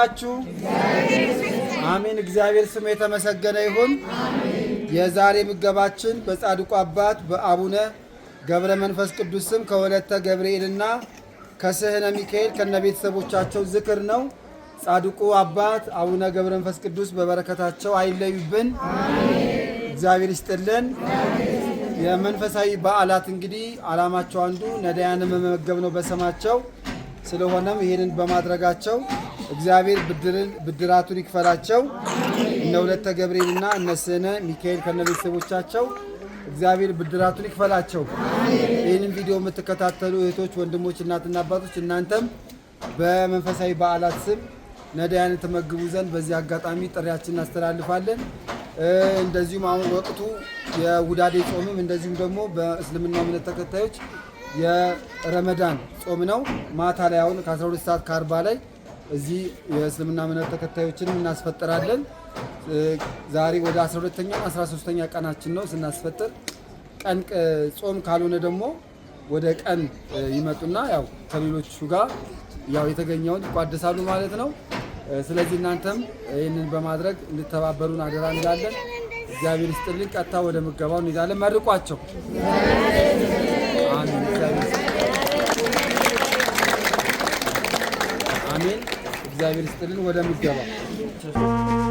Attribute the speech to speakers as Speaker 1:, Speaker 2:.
Speaker 1: አላችሁ? አሜን። እግዚአብሔር ስሙ የተመሰገነ ይሁን። የዛሬ ምገባችን በጻድቁ አባት በአቡነ ገብረ መንፈስ ቅዱስ ስም ከወለተ ገብርኤልና ከስህነ ሚካኤል ከነ ቤተሰቦቻቸው ዝክር ነው። ጻድቁ አባት አቡነ ገብረ መንፈስ ቅዱስ በበረከታቸው አይለዩብን። እግዚአብሔር ይስጥልን። የመንፈሳዊ በዓላት እንግዲህ ዓላማቸው አንዱ ነዳያን መመገብ ነው በስማቸው። ስለሆነም ይህንን በማድረጋቸው እግዚአብሔር ብድራቱን ይክፈላቸው። እነ ሁለተ ገብርኤልና እነ ስነ ሚካኤል ከነ ቤተሰቦቻቸው እግዚአብሔር ብድራቱን ይክፈላቸው። ይህንን ቪዲዮ የምትከታተሉ እህቶች፣ ወንድሞች፣ እናትና አባቶች እናንተም በመንፈሳዊ በዓላት ስም ነዳያን ተመግቡ ዘንድ በዚህ አጋጣሚ ጥሪያችን እናስተላልፋለን። እንደዚሁም አሁን ወቅቱ የውዳዴ ጾምም እንደዚሁም ደግሞ በእስልምና እምነት ተከታዮች የረመዳን ጾም ነው። ማታ ላይ አሁን ከ12 ሰዓት ከአርባ ላይ እዚህ የእስልምና እምነት ተከታዮችንም እናስፈጥራለን። ዛሬ ወደ 12ኛ 13ኛ ቀናችን ነው ስናስፈጥር። ቀን ጾም ካልሆነ ደግሞ ወደ ቀን ይመጡና ያው ከሌሎቹ ጋር ያው የተገኘውን ይቋደሳሉ ማለት ነው። ስለዚህ እናንተም ይህንን በማድረግ እንድተባበሩን አደራ እንላለን። እግዚአብሔር ይስጥልኝ። ቀጥታ ወደ ምገባው እንሄዳለን። መርቋቸው እግዚአብሔር ይስጥልን። ወደ ምገባ